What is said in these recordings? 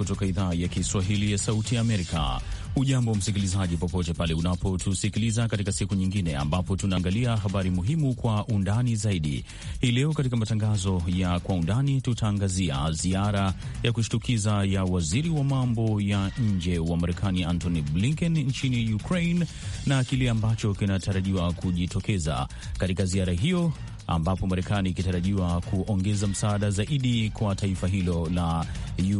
kutoka idhaa ya Kiswahili ya Sauti ya Amerika. Ujambo msikilizaji, popote pale unapotusikiliza katika siku nyingine ambapo tunaangalia habari muhimu kwa undani zaidi. Hii leo katika matangazo ya kwa undani tutaangazia ziara ya kushtukiza ya waziri wa mambo ya nje wa Marekani Antony Blinken nchini Ukraine na kile ambacho kinatarajiwa kujitokeza katika ziara hiyo ambapo Marekani ikitarajiwa kuongeza msaada zaidi kwa taifa hilo la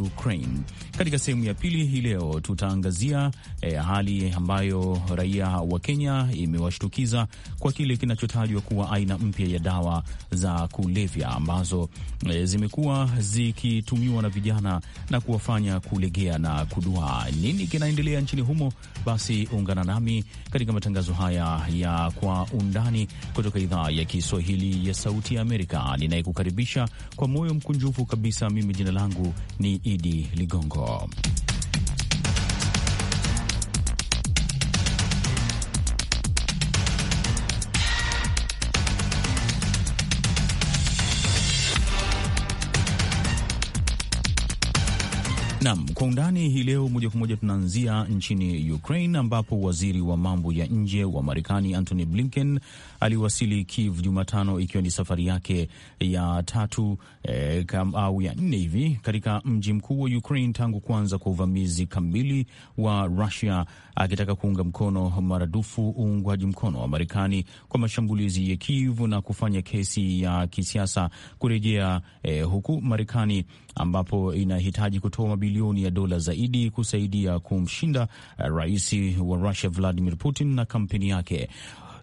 Ukraine. Katika sehemu ya pili hii leo tutaangazia eh, hali ambayo raia wa Kenya imewashtukiza kwa kile kinachotajwa kuwa aina mpya ya dawa za kulevya ambazo eh, zimekuwa zikitumiwa na vijana na kuwafanya kulegea na kuduaa. Nini kinaendelea nchini humo? Basi ungana nami katika matangazo haya ya kwa undani kutoka idhaa ya Kiswahili ya Sauti ya Amerika ninayekukaribisha kwa moyo mkunjufu kabisa. Mimi jina langu ni Idi Ligongo. Nam kwa undani hii leo, moja kwa moja tunaanzia nchini Ukraine ambapo waziri wa mambo ya nje wa Marekani Antony Blinken aliwasili Kiev Jumatano, ikiwa ni safari yake ya tatu e, kam, au ya nne hivi katika mji mkuu wa Ukraine tangu kuanza kwa uvamizi kamili wa Russia, akitaka kuunga mkono maradufu uungwaji mkono wa Marekani kwa mashambulizi ya Kiev na kufanya kesi ya kisiasa kurejea, e, huku Marekani ambapo inahitaji kutoa mabilioni ya dola zaidi kusaidia kumshinda eh, rais wa Russia Vladimir Putin na kampeni yake.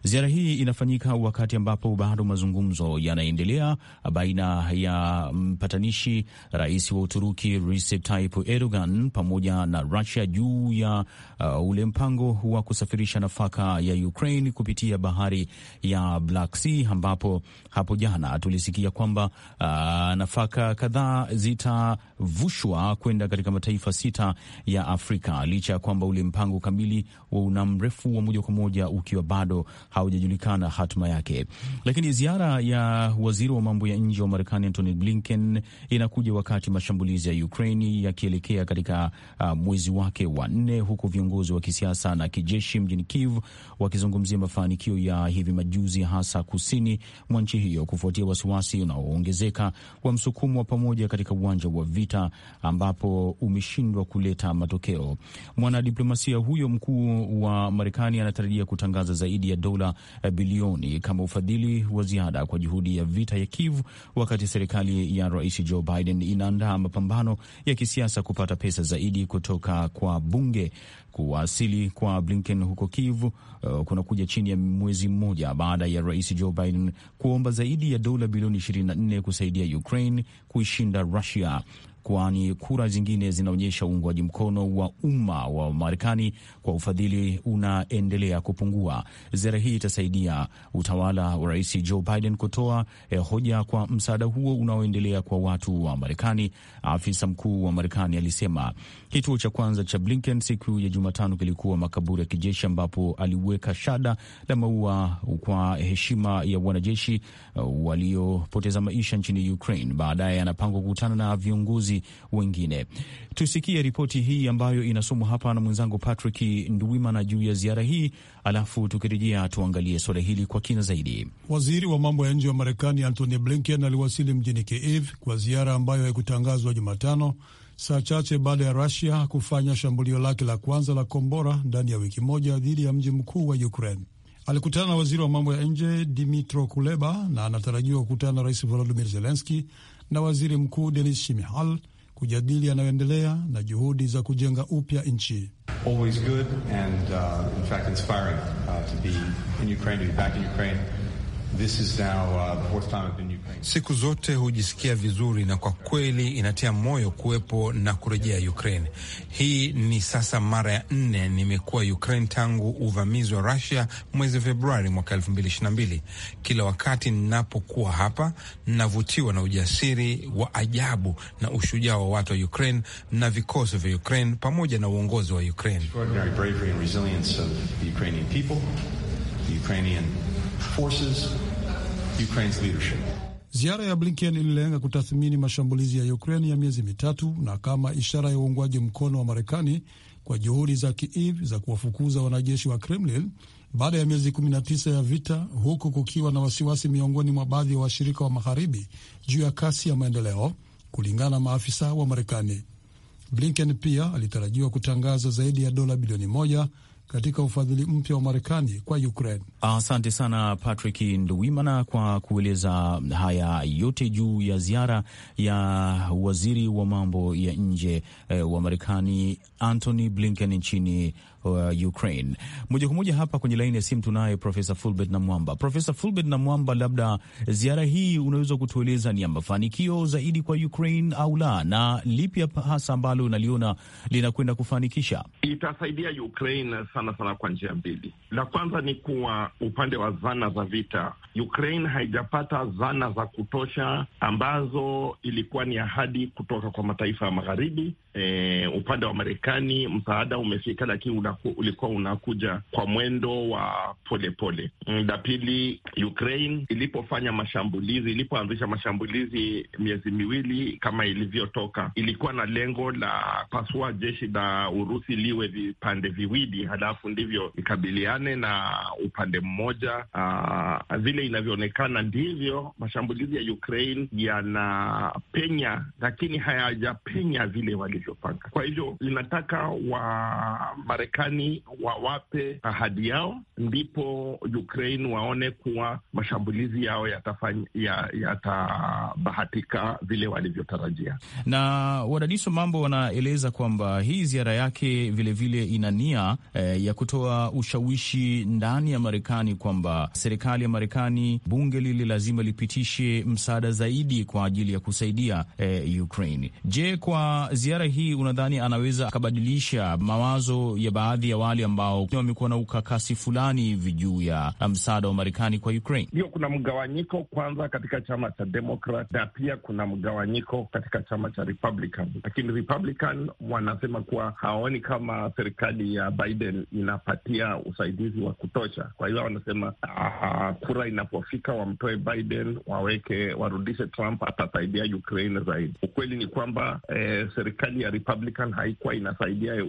Ziara hii inafanyika wakati ambapo bado mazungumzo yanaendelea baina ya mpatanishi rais wa Uturuki Recep Tayyip Erdogan pamoja na Rusia juu ya uh, ule mpango wa kusafirisha nafaka ya Ukraine kupitia bahari ya Black Sea, ambapo hapo jana tulisikia kwamba uh, nafaka kadhaa zitavushwa kwenda katika mataifa sita ya Afrika licha ya kwamba ule mpango kamili wa una mrefu wa moja kwa moja ukiwa bado haujajulikana hatima yake. Lakini ziara ya waziri wa mambo ya nje wa Marekani Antony Blinken inakuja wakati mashambulizi ya Ukraini yakielekea katika uh, mwezi wake wa nne, huku viongozi wa kisiasa na kijeshi mjini Kiev wakizungumzia mafanikio ya hivi majuzi, hasa kusini mwa nchi hiyo, kufuatia wasiwasi unaoongezeka wa msukumo wa pamoja katika uwanja wa vita ambapo umeshindwa kuleta matokeo. Mwanadiplomasia huyo mkuu wa Marekani anatarajia kutangaza zaidi ya dola dola eh, bilioni kama ufadhili wa ziada kwa juhudi ya vita ya Kiev, wakati serikali ya Rais Joe Biden inaandaa mapambano ya kisiasa kupata pesa zaidi kutoka kwa bunge. Kuwasili kwa Blinken huko Kiev uh, eh, kunakuja chini ya mwezi mmoja baada ya Rais Joe Biden kuomba zaidi ya dola bilioni 24 kusaidia Ukraine kuishinda Russia kwani kura zingine zinaonyesha uungwaji mkono wa umma wa Marekani kwa ufadhili unaendelea kupungua. Ziara hii itasaidia utawala wa Rais Joe Biden kutoa eh, hoja kwa msaada huo unaoendelea kwa watu wa Marekani. Afisa mkuu wa Marekani alisema kituo cha kwanza cha Blinken siku ya Jumatano kilikuwa makaburi ya kijeshi ambapo aliweka shada la maua kwa heshima ya wanajeshi eh, waliopoteza maisha nchini Ukraine. Baadaye anapangwa kukutana na viongozi wengine. Tusikie ripoti hii ambayo inasomwa hapa na mwenzangu Patrick Nduwimana juu ya ziara hii, alafu tukirejea tuangalie suala hili kwa kina zaidi. Waziri wa mambo ya nje wa Marekani Antony Blinken aliwasili mjini Kiev kwa ziara ambayo haikutangazwa Jumatano, saa chache baada ya Rusia kufanya shambulio lake la kwanza la kombora ndani ya wiki moja dhidi ya mji mkuu wa Ukraine. Alikutana na waziri wa mambo ya nje Dimitro Kuleba na anatarajiwa kukutana na rais Volodimir Zelenski na waziri mkuu Denis Shimihal kujadili yanayoendelea na juhudi za kujenga upya nchi. Always good and, uh, in fact inspiring, uh, to be in Ukraine, to be back in Ukraine. Uh, Siku zote hujisikia vizuri na kwa kweli inatia moyo kuwepo na kurejea Ukraine. Hii ni sasa mara ya nne nimekuwa Ukraine tangu uvamizi wa rasia mwezi Februari mwaka 2022. Kila wakati ninapokuwa hapa navutiwa na ujasiri wa ajabu na ushujaa wa watu wa Ukraine na vikosi vya Ukraine pamoja na uongozi wa Ukraine forces Ukraine's leadership. Ziara ya Blinken ililenga kutathmini mashambulizi ya Ukraine ya miezi mitatu na kama ishara ya uungwaji mkono wa Marekani kwa juhudi za Kiev za kuwafukuza wanajeshi wa Kremlin baada ya miezi 19 ya vita, huku kukiwa na wasiwasi miongoni mwa baadhi ya washirika wa magharibi juu ya kasi ya maendeleo, kulingana na maafisa wa Marekani. Blinken pia alitarajiwa kutangaza zaidi ya dola bilioni moja katika ufadhili mpya wa Marekani kwa Ukraine. Asante sana Patrick Nduwimana kwa kueleza haya yote juu ya ziara ya waziri wa mambo ya nje eh, wa Marekani Antony Blinken nchini uh, Ukraine. Moja kwa moja hapa kwenye laini ya simu tunaye Profesa Fulbert na Mwamba. Profesa Fulbert na Mwamba, labda ziara hii unaweza kutueleza ni ya mafanikio zaidi kwa Ukraine au la, na lipi hasa ambalo unaliona linakwenda kufanikisha? Itasaidia Ukraine sana sana kwa njia mbili. La kwanza ni kuwa upande wa zana za vita, Ukraine haijapata zana za kutosha ambazo ilikuwa ni ahadi kutoka kwa mataifa ya magharibi. E, upande wa Marekani msaada umefika, lakini una wako ulikuwa unakuja kwa mwendo wa polepole. Mm, la pili, Ukraine ilipofanya mashambulizi, ilipoanzisha mashambulizi miezi miwili kama ilivyotoka, ilikuwa na lengo la pasua jeshi la Urusi liwe vipande viwili, halafu ndivyo ikabiliane na upande mmoja. Aa, ah, vile inavyoonekana ndivyo mashambulizi ya Ukraine yanapenya, lakini hayajapenya vile walivyopanga. Kwa hivyo inataka wa Marekani Marekani wawape ahadi yao, ndipo Ukraine waone kuwa mashambulizi yao yatabahatika ya, ya vile walivyotarajia. Na wadadisi wa mambo wanaeleza kwamba hii ziara yake vilevile ina nia eh, ya kutoa ushawishi ndani ya Marekani kwamba serikali ya Marekani, bunge lile lazima lipitishe msaada zaidi kwa ajili ya kusaidia eh, Ukraine. Je, kwa ziara hii unadhani anaweza akabadilisha mawazo ya baadhi ya wale ambao wamekuwa na ukakasi fulani hivi juu ya uh, msaada wa Marekani kwa Ukraine? Ndio, kuna mgawanyiko kwanza katika chama cha Demokrat na pia kuna mgawanyiko katika chama cha Republican, lakini Republican wanasema kuwa hawaoni kama serikali ya Biden inapatia usaidizi wa kutosha. Kwa hiyo wanasema uh, kura inapofika wamtoe Biden, waweke warudishe Trump, atasaidia Ukraine zaidi. Ukweli ni kwamba eh, serikali ya Republican haikuwa inasaidia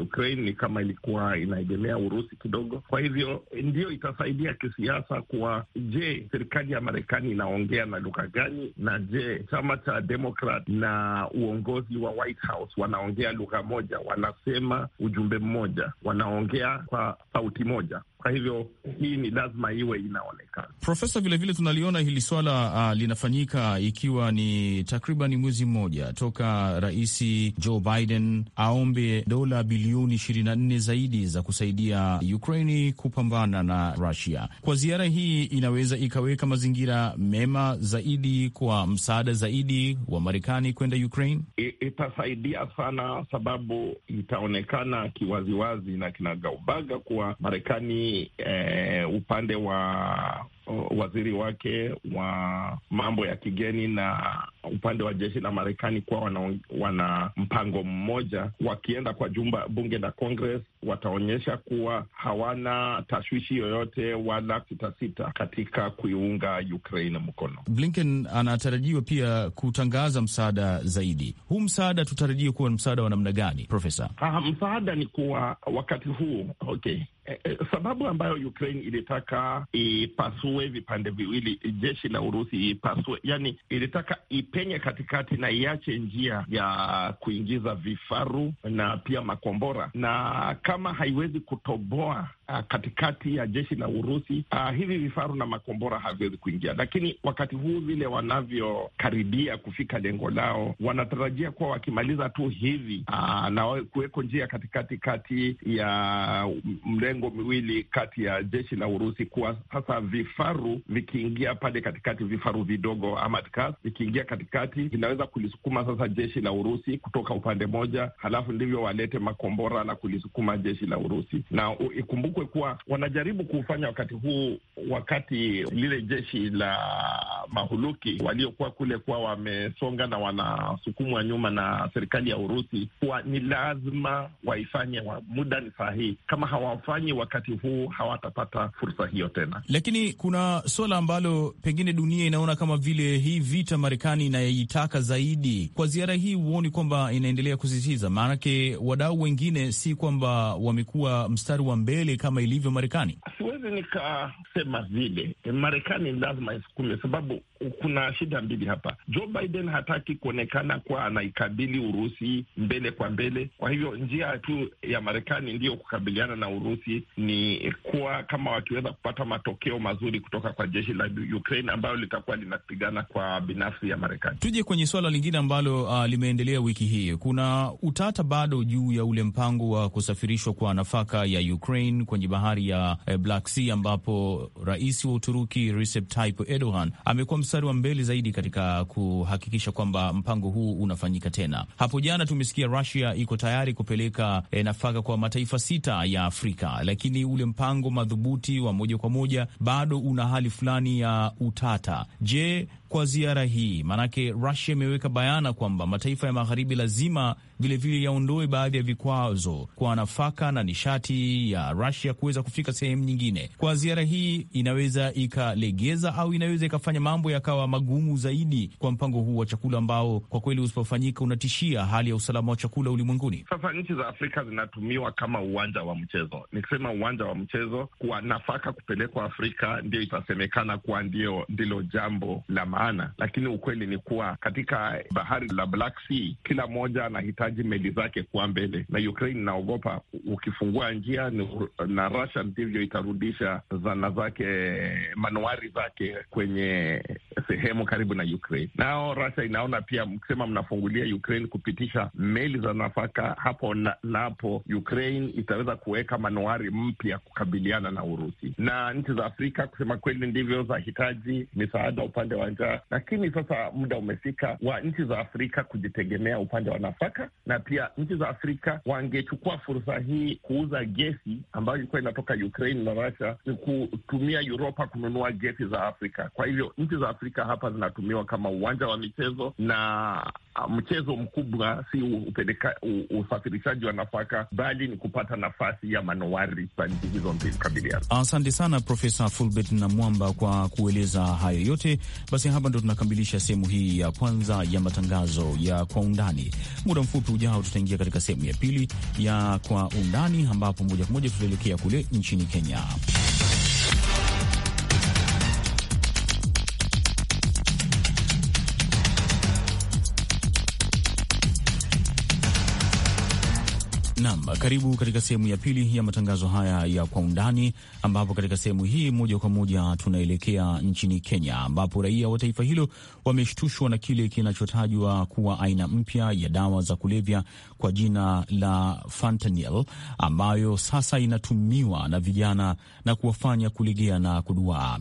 Ukraine, ni kama ilikuwa inaegemea Urusi kidogo. Kwa hivyo ndio itasaidia kisiasa kuwa je, serikali ya Marekani inaongea na lugha gani? Na je, chama cha Demokrat na uongozi wa White House wanaongea lugha moja? Wanasema ujumbe mmoja? Wanaongea kwa sauti moja? Kwa hivyo hii ni lazima iwe inaonekana. Profesa, vilevile tunaliona hili swala uh, linafanyika ikiwa ni takriban mwezi mmoja toka Rais Joe Biden aombe dola bilioni 24 zaidi za kusaidia Ukraini kupambana na Rusia. Kwa ziara hii inaweza ikaweka mazingira mema zaidi kwa msaada zaidi wa Marekani kwenda Ukraine. Itasaidia sana, sababu itaonekana kiwaziwazi na kinagaubaga kuwa Marekani eh, upande wa waziri wake wa mambo ya kigeni na upande wa jeshi la Marekani kuwa wana, wana mpango mmoja. Wakienda kwa jumba bunge la Congress wataonyesha kuwa hawana tashwishi yoyote wala sitasita katika kuiunga Ukraine mkono. Blinken anatarajiwa pia kutangaza msaada zaidi. Huu msaada tutarajie kuwa msaada wa namna gani, Profesa? Ah, msaada ni kuwa wakati huu okay. Eh, eh, sababu ambayo Ukraine ilitaka ipasue vipande viwili jeshi la Urusi ipasue, yani ilitaka ip ipenye katikati na iache njia ya kuingiza vifaru na pia makombora, na kama haiwezi kutoboa Uh, katikati ya jeshi la Urusi uh, hivi vifaru na makombora haviwezi kuingia, lakini wakati huu vile wanavyokaribia kufika lengo lao, wanatarajia kuwa wakimaliza tu hivi uh, na kuweko njia katikati kati ya mlengo miwili kati ya jeshi la Urusi, kuwa sasa vifaru vikiingia pale katikati, vifaru vidogo ama vikiingia katikati katikati vinaweza kulisukuma sasa jeshi la Urusi kutoka upande moja, halafu ndivyo walete makombora na kulisukuma jeshi la Urusi. Na ikumbukwe kuwa wanajaribu kuufanya wakati huu, wakati lile jeshi la mahuluki waliokuwa kule kuwa wamesonga na wanasukumwa nyuma na serikali ya Urusi, kuwa ni lazima waifanye wa muda ni sahihi. Kama hawafanyi wakati huu, hawatapata fursa hiyo tena. Lakini kuna suala ambalo pengine dunia inaona kama vile hii vita Marekani inayoitaka zaidi kwa ziara hii, huoni kwamba inaendelea kusisitiza? Maanake wadau wengine si kwamba wamekuwa mstari wa mbele kama ilivyo Marekani. Siwezi nikasema vile Marekani lazima isukume, sababu kuna shida mbili hapa. Joe Biden hataki kuonekana kuwa anaikabili Urusi mbele kwa mbele. Kwa hivyo njia tu ya Marekani ndiyo kukabiliana na Urusi ni kuwa kama wakiweza kupata matokeo mazuri kutoka kwa jeshi la Ukraine ambayo litakuwa linapigana kwa binafsi ya Marekani. Marekani. Tuje kwenye suala lingine ambalo uh, limeendelea wiki hii. Kuna utata bado juu ya ule mpango wa kusafirishwa kwa nafaka ya Ukraine kwenye bahari ya eh, Black Sea, ambapo rais wa Uturuki Recep Tayyip Erdogan amekuwa mstari wa mbele zaidi katika kuhakikisha kwamba mpango huu unafanyika tena. Hapo jana tumesikia Russia iko tayari kupeleka eh, nafaka kwa mataifa sita ya Afrika, lakini ule mpango madhubuti wa moja kwa moja bado una hali fulani ya utata. Je, kwa ziara hii? Maanake Rusia imeweka bayana kwamba mataifa ya magharibi lazima vilevile yaondoe baadhi ya vikwazo kwa nafaka na nishati ya Rusia kuweza kufika sehemu nyingine. Kwa ziara hii inaweza ikalegeza au inaweza ikafanya mambo yakawa magumu zaidi kwa mpango huu wa chakula ambao kwa kweli usipofanyika unatishia hali ya usalama wa chakula ulimwenguni. Sasa nchi za Afrika zinatumiwa kama uwanja wa mchezo, nikisema uwanja wa mchezo, kwa nafaka kupelekwa Afrika ndio itasemekana kuwa ndio ndilo jambo la ma maana, lakini ukweli ni kuwa katika bahari la Black Sea kila mmoja anahitaji meli zake kuwa mbele, na Ukraine inaogopa ukifungua njia na Russia ndivyo itarudisha zana zake, manuari zake kwenye sehemu karibu na Ukraine. Nao Russia inaona pia, mkisema mnafungulia Ukraine kupitisha meli za nafaka hapo na, na Ukraine itaweza kuweka manuari mpya kukabiliana na Urusi na nchi za Afrika. Kusema kweli, ndivyo zahitaji misaada upande wa mafuta, lakini sasa muda umefika wa nchi za Afrika kujitegemea upande wa nafaka, na pia nchi za Afrika wangechukua fursa hii kuuza gesi ambayo ilikuwa inatoka Ukraine na Russia, ni kutumia Uropa kununua gesi za Afrika. Kwa hivyo nchi za Afrika hapa zinatumiwa kama uwanja wa michezo na uh, mchezo mkubwa si upeleka, usafirishaji wa nafaka bali ni kupata nafasi ya manowari za nchi hizo mbili kabiliana. Asante sana Profesa Fulbert na Mwamba kwa kueleza hayo yote. Basi hapa ndo tunakamilisha sehemu hii ya kwanza ya matangazo ya kwa undani. Muda mfupi ujao, tutaingia katika sehemu ya pili ya kwa undani, ambapo moja kwa moja tutaelekea kule nchini Kenya. Nam, karibu katika sehemu ya pili ya matangazo haya ya kwa undani, ambapo katika sehemu hii moja kwa moja tunaelekea nchini Kenya, ambapo raia wa taifa hilo wameshtushwa na kile kinachotajwa kuwa aina mpya ya dawa za kulevya kwa jina la fentanyl, ambayo sasa inatumiwa na vijana na kuwafanya kulegea na kuduaa.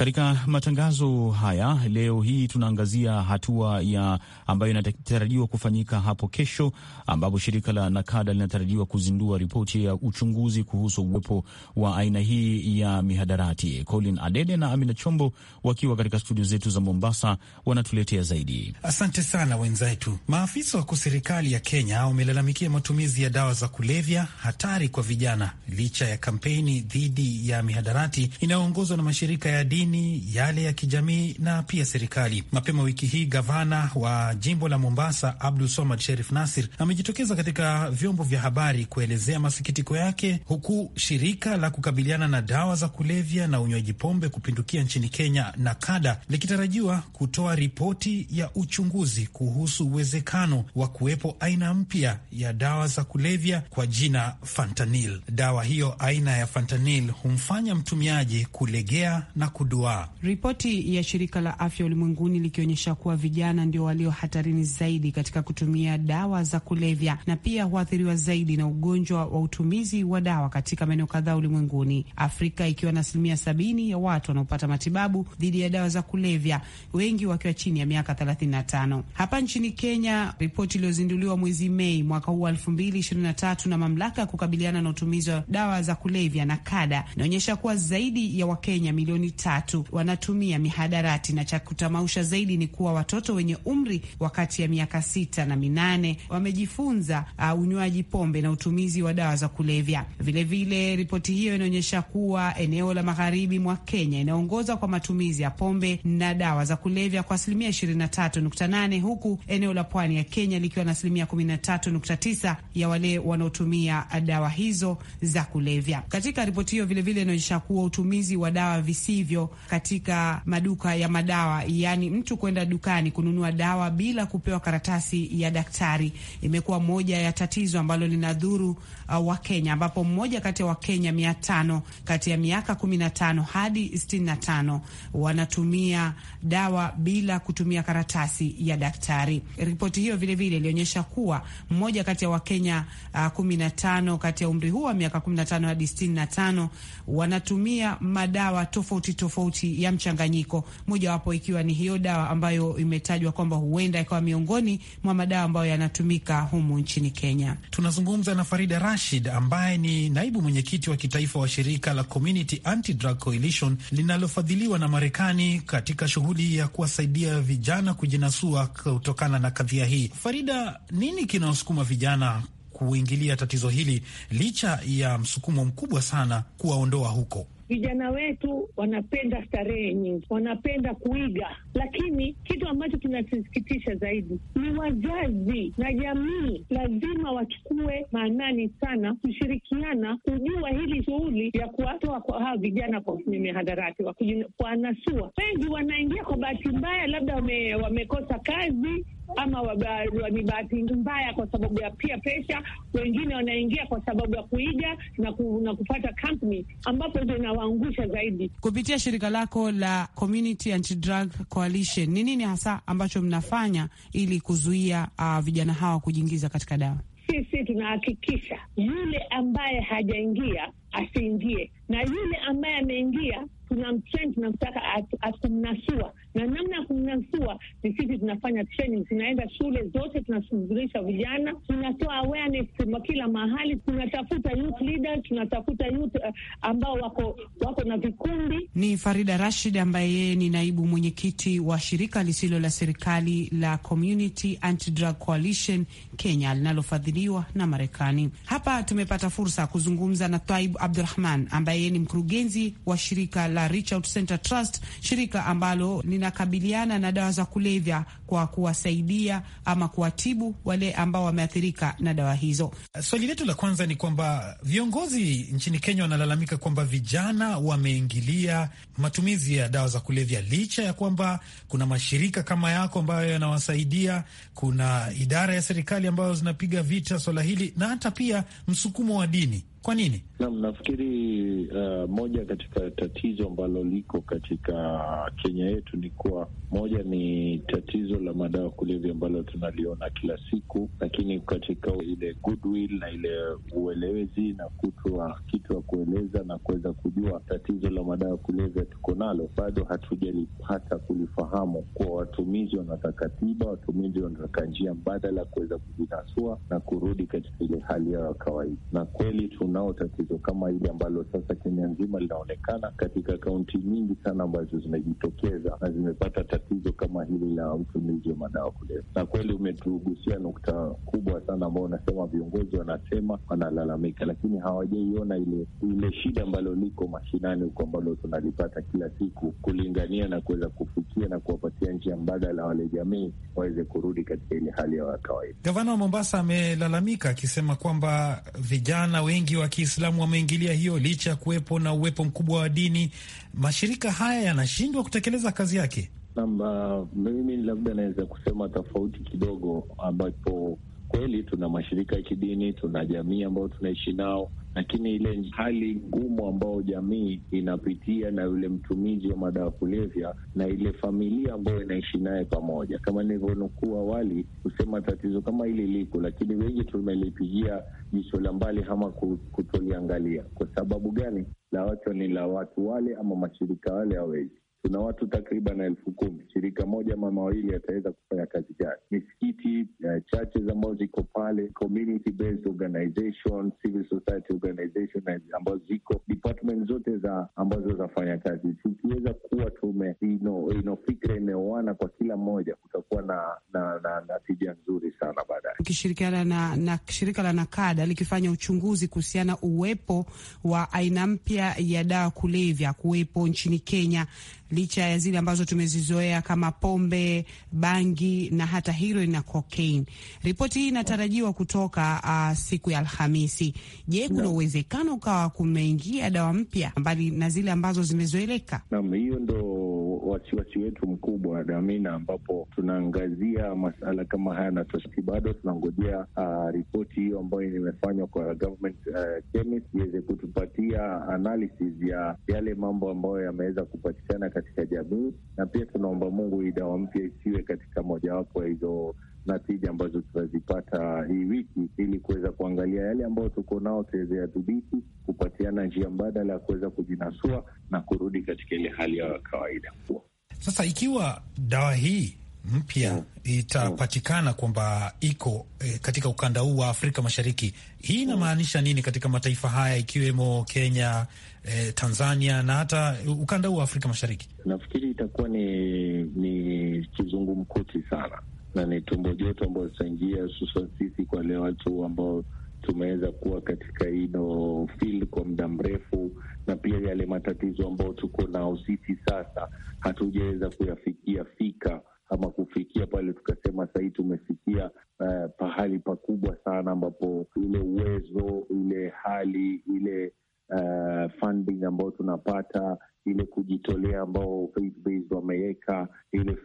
Katika matangazo haya leo hii tunaangazia hatua ya ambayo inatarajiwa kufanyika hapo kesho, ambapo shirika la Nakada linatarajiwa kuzindua ripoti ya uchunguzi kuhusu uwepo wa aina hii ya mihadarati. Colin Adede na Amina Chombo wakiwa katika studio zetu za Mombasa wanatuletea zaidi. Asante sana wenzetu. Maafisa wa serikali ya Kenya wamelalamikia matumizi ya dawa za kulevya hatari kwa vijana licha ya kampeni dhidi ya mihadarati inayoongozwa na mashirika ya dini kidini, yale ya kijamii na pia serikali. Mapema wiki hii gavana wa jimbo la Mombasa Abdul Somad Sherif Nasir amejitokeza katika vyombo vya habari kuelezea masikitiko yake, huku shirika la kukabiliana na dawa za kulevya na unywaji pombe kupindukia nchini Kenya na kada likitarajiwa kutoa ripoti ya uchunguzi kuhusu uwezekano wa kuwepo aina mpya ya dawa za kulevya kwa jina fentanyl. Dawa hiyo aina ya fentanyl humfanya mtumiaji kulegea na ku kugundua. Ripoti ya shirika la afya ulimwenguni likionyesha kuwa vijana ndio walio hatarini zaidi katika kutumia dawa za kulevya na pia huathiriwa zaidi na ugonjwa wa utumizi wa dawa katika maeneo kadhaa ulimwenguni, Afrika ikiwa na asilimia sabini ya watu wanaopata matibabu dhidi ya dawa za kulevya, wengi wakiwa chini ya miaka 35. Hapa nchini Kenya, ripoti iliyozinduliwa mwezi Mei mwaka huu wa 2023 na mamlaka ya kukabiliana na utumizi wa dawa za kulevya na kada inaonyesha kuwa zaidi ya Wakenya milioni tatu tatu wanatumia mihadarati, na cha kutamausha zaidi ni kuwa watoto wenye umri wa kati ya miaka sita na minane wamejifunza uh, unywaji pombe na utumizi wa dawa za kulevya. Vilevile, ripoti hiyo inaonyesha kuwa eneo la magharibi mwa Kenya inaongoza kwa matumizi ya pombe na dawa za kulevya kwa asilimia 23.8 huku eneo la pwani ya Kenya likiwa na asilimia 13.9 ya wale wanaotumia dawa hizo za kulevya. Katika ripoti hiyo vilevile inaonyesha kuwa utumizi wa dawa visivyo katika maduka ya madawa, yaani mtu kwenda dukani kununua dawa bila kupewa karatasi ya daktari, imekuwa moja ya tatizo ambalo linadhuru uh, Wakenya, ambapo mmoja kati ya Wakenya mia tano kati ya miaka kumi na tano hadi sitini na tano wanatumia dawa bila kutumia karatasi ya daktari. Ripoti hiyo vilevile ilionyesha vile kuwa mmoja kati ya Wakenya uh, kumi na tano kati ya umri huo wa miaka kumi na tano hadi sitini na tano wanatumia madawa tofauti tofauti tofauti ya mchanganyiko, mojawapo ikiwa ni hiyo dawa ambayo imetajwa kwamba huenda ikawa miongoni mwa madawa ambayo yanatumika humu nchini Kenya. Tunazungumza na Farida Rashid ambaye ni naibu mwenyekiti wa kitaifa wa shirika la Community Anti-Drug Coalition linalofadhiliwa na Marekani katika shughuli ya kuwasaidia vijana kujinasua kutokana na kadhia hii. Farida, nini kinaosukuma vijana kuingilia tatizo hili licha ya msukumo mkubwa sana kuwaondoa huko? vijana wetu wanapenda starehe nyingi, wanapenda kuiga, lakini kitu ambacho kinasisikitisha zaidi ni wazazi na jamii. Lazima wachukue maanani sana kushirikiana, kujua hili shughuli ya kuwatoa kwa hawa vijana kwa mihadarati, kwa wanasua wengi wanaingia kwa bahati mbaya, labda wame, wamekosa kazi ama ni bahati mbaya kwa sababu ya pia pesha. Wengine wanaingia kwa sababu ya kuiga na, ku, na kupata company ambapo hizo inawaangusha zaidi. Kupitia shirika lako la Community Anti-Drug Coalition, ni nini hasa ambacho mnafanya ili kuzuia uh, vijana hawa kujiingiza katika dawa? Sisi tunahakikisha yule ambaye hajaingia asiingie, na yule ambaye ameingia tunamchange tunamtaka akunasiwa na namna ya kunasiwa ni sisi tunafanya training, tunaenda shule zote, tunashughulisha vijana, tunatoa awareness kila mahali, tunatafuta youth tunatafuta youth uh, ambao wako wako na vikundi. Ni Farida Rashid ambaye yeye ni naibu mwenyekiti wa shirika lisilo la serikali la Community Anti-Drug Coalition Kenya linalofadhiliwa na Marekani. Hapa tumepata fursa ya kuzungumza na Taib Abdurahman ambaye yeye ni mkurugenzi wa shirika la la Richard Center Trust, shirika ambalo linakabiliana na dawa za kulevya kwa kuwasaidia ama kuwatibu wale ambao wameathirika na dawa hizo. Swali letu la kwanza ni kwamba viongozi nchini Kenya wanalalamika kwamba vijana wameingilia matumizi ya dawa za kulevya licha ya kwamba kuna mashirika kama yako ambayo yanawasaidia, kuna idara ya serikali ambayo zinapiga vita swala hili na hata pia msukumo wa dini kwa nini? Naam, nafikiri uh, moja katika tatizo ambalo liko katika Kenya yetu ni kuwa, moja ni tatizo la madawa kulevya ambalo tunaliona kila siku, lakini katika ile goodwill na ile uelewezi na kutwa kitu ya kueleza na kuweza kujua tatizo la madawa kulevya tuko nalo, bado hatujalipata kulifahamu kuwa watumizi wanataka tiba, watumizi wanataka njia mbadala ya kuweza kujinasua na kurudi katika ile hali yao ya kawaida, na kweli kunao tatizo kama hili ambalo sasa Kenya nzima linaonekana katika kaunti nyingi sana ambazo zimejitokeza na zimepata tatizo kama hili la utumizi wa madawa kulevya. Na kweli umetugusia nukta kubwa sana ambao unasema viongozi wanasema wanalalamika, lakini hawajaiona ile ile shida ambalo liko mashinani huko ambalo tunalipata kila siku, kulingania na kuweza kufikia na kuwapatia njia mbadala wale jamii waweze kurudi katika ile hali ya kawaida. Gavana wa Mombasa amelalamika akisema kwamba vijana wengi wa Kiislamu wameingilia hiyo, licha ya kuwepo na uwepo mkubwa wa dini, mashirika haya yanashindwa kutekeleza kazi yake. Namba ah, mimi labda naweza kusema tofauti kidogo, ambapo kweli tuna mashirika ya kidini, tuna jamii ambayo tunaishi nao lakini ile hali ngumu ambayo jamii inapitia na yule mtumizi wa madawa kulevya na ile familia ambayo inaishi naye pamoja, kama nilivyonukuu awali kusema tatizo kama hili liko, lakini wengi tumelipigia jicho la mbali ama kutoliangalia. Kwa sababu gani? La watu ni la watu wale ama mashirika wale hawezi Tuna watu takriban elfu kumi. Shirika moja ama mawili yataweza kufanya kazi gani? Misikiti uh, churches ambazo ziko pale, community based organization, civil society organization ambazo ziko department zote za ambazo zafanya kazi. Tukiweza kuwa tume ino, ino fikra imeoana kwa kila mmoja, kutakuwa na na, na, na tija nzuri sana baadaye. Ukishirikiana na, na shirika la Nakada likifanya uchunguzi kuhusiana uwepo wa aina mpya ya dawa kulevya kuwepo nchini Kenya licha ya zile ambazo tumezizoea kama pombe, bangi na hata heroin na cocaine. Ripoti hii inatarajiwa kutoka uh, siku ya Alhamisi. Je, kuna uwezekano ukawa kumeingia dawa mpya mbali na zile ambazo zimezoeleka? Naam, hiyo ndo wasiwasi wetu mkubwa Damina, ambapo tunaangazia masala kama haya na tosi, bado tunangojea uh, ripoti hiyo ambayo imefanywa kwa government uh, chemist iweze uh, kutupatia analysis ya yale mambo ambayo yameweza kupatikana katika jamii, na pia tunaomba Mungu hii dawa mpya isiwe katika mojawapo ya hizo natija ambazo tutazipata hii wiki, ili kuweza kuangalia yale ambayo tuko nao tuweze yadhibiti, kupatiana njia mbadala ya kuweza kujinasua na kurudi katika ile hali yao ya kawaida. Sasa ikiwa dawa hii mpya mhm, itapatikana kwamba iko e, katika ukanda huu wa Afrika Mashariki. Hii mm. inamaanisha nini katika mataifa haya ikiwemo Kenya, e, Tanzania na hata ukanda huu wa Afrika Mashariki? Nafikiri itakuwa ni, ni kizungumkuti sana na ni tumbo joto ambayo tutaingia hususan sisi kwa wale watu ambao tumeweza kuwa katika ino field kwa muda mrefu, na pia yale matatizo ambayo tuko nao sisi sasa hatujaweza kuyafikia fika kama kufikia pale, tukasema sahii tumefikia uh, pahali pakubwa sana ambapo ule uwezo, ile hali, ile uh, funding ambayo tunapata ile kujitolea ambao wameweka ile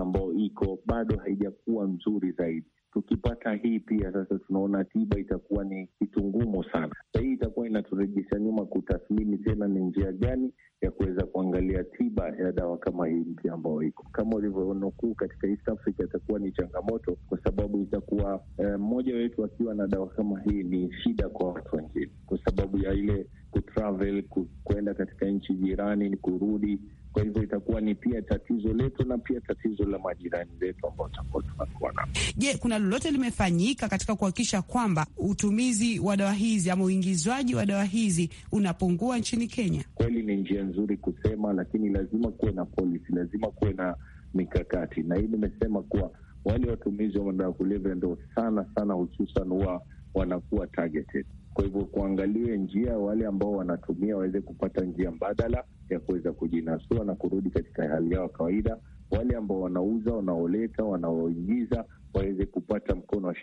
ambao iko bado haijakuwa nzuri zaidi tukipata hii pia sasa tunaona tiba itakuwa ni kitu ngumu sana. Sa hii itakuwa inaturejesha nyuma kutathmini tena ni njia gani ya kuweza kuangalia tiba ya dawa kama hii mpya ambayo iko kama ulivyonukuu katika East Africa, itakuwa ni changamoto kwa sababu itakuwa eh, mmoja eh, wetu akiwa na dawa kama hii ni shida kwa watu wengine, kwa sababu ya ile kutravel, kuenda katika nchi jirani, kurudi kwa hivyo itakuwa ni pia tatizo letu na pia tatizo la majirani zetu ambao tutakuwa tunakuwa nao. Je, kuna lolote limefanyika katika kuhakikisha kwamba utumizi wa dawa hizi ama uingizwaji wa dawa hizi unapungua nchini Kenya? Kweli ni njia nzuri kusema, lakini lazima kuwe na polisi lazima kuwe na mikakati, na hii nimesema kuwa wale watumizi wa madawa kulevya ndo sana sana hususan huwa wanakuwa targeted. Kwa hivyo kuangaliwe njia, wale ambao wanatumia waweze kupata njia mbadala ya kuweza kujinasua na kurudi katika hali yao ya kawaida. Wale ambao wanauza, wanaoleta, wanaoingiza waweze kupata mkono wa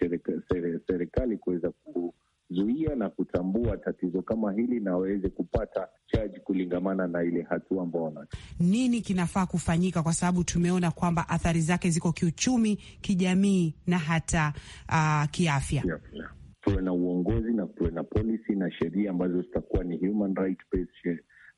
serikali kuweza kuzuia na kutambua tatizo kama hili na waweze kupata chaji kulingamana na ile hatua ambao wana. Nini kinafaa kufanyika, kwa sababu tumeona kwamba athari zake ziko kiuchumi, kijamii na hata uh, kiafya yeah, yeah. Tuwe na uongozi na tuwe na polisi na sheria ambazo zitakuwa ni human based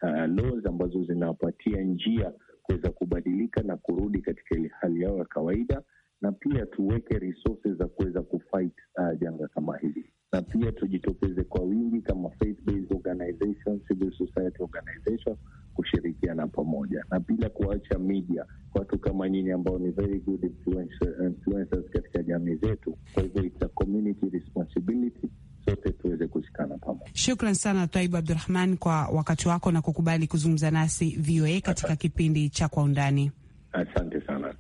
uh, ambazo zinapatia njia kuweza kubadilika na kurudi katika ile hali yao ya kawaida, na pia tuweke resources za kuweza kufight uh, janga kama hili, na pia tujitokeze kwa wingi kama faith-based organizations, civil society organizations kushirikiana pamoja, na bila kuacha media, watu kama nyinyi ambao ni very good uh, influencers katika jamii zetu. Kwa hivyo it's a community responsibility sote tuweze kushikana pamoja. Shukran sana Taibu Abdurahman kwa wakati wako na kukubali kuzungumza nasi VOA katika Asante. kipindi cha Kwa Undani. Asante sana,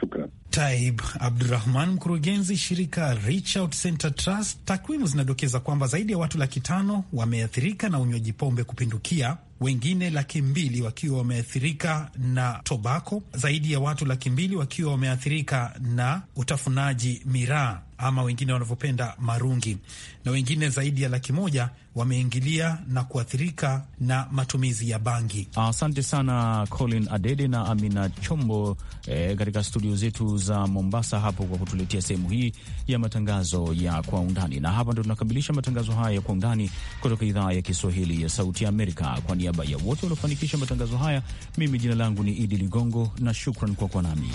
shukran. Taib Abdurahman, mkurugenzi shirika Reach Out Center Trust. Takwimu zinadokeza kwamba zaidi ya watu laki tano wameathirika na unywaji pombe kupindukia, wengine laki mbili wakiwa wameathirika na tobako, zaidi ya watu laki mbili wakiwa wameathirika na utafunaji miraa ama wengine wanavyopenda marungi, na wengine zaidi ya laki moja wameingilia na kuathirika na matumizi ya bangi. Asante sana Colin Adede na Amina Chombo eh, katika eh, studio zetu za Mombasa hapo kwa kutuletea sehemu hii ya matangazo ya Kwa Undani, na hapa ndo tunakamilisha matangazo haya ya Kwa Undani kutoka idhaa ya Kiswahili ya Sauti ya Amerika. Kwa niaba ya wote waliofanikisha matangazo haya, mimi jina langu ni Idi Ligongo na shukran kwa kwa nami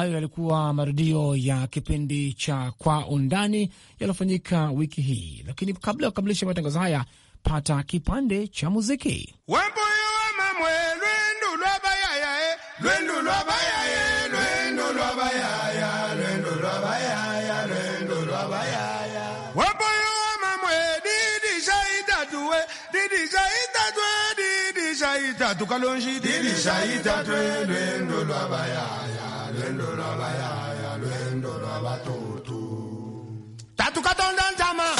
Hayo yalikuwa marudio ya kipindi cha Kwa Undani yaliyofanyika wiki hii, lakini kabla ya kukamilisha matangazo haya, pata kipande cha muziki Wembuyo wa mamwe lwendu lwabayayae lwendu lwendu lwendu lwendu wa mamwe didisha didisha didisha itatu kalonji didisha lwendu 咱们。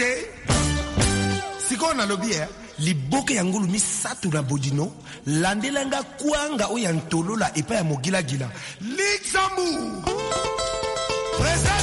te sikoyo nalobi ya eh? liboke ya ngulu misato na bodino landelanga kwanga oyo ya ntolola epai ya mogilagila liksambu present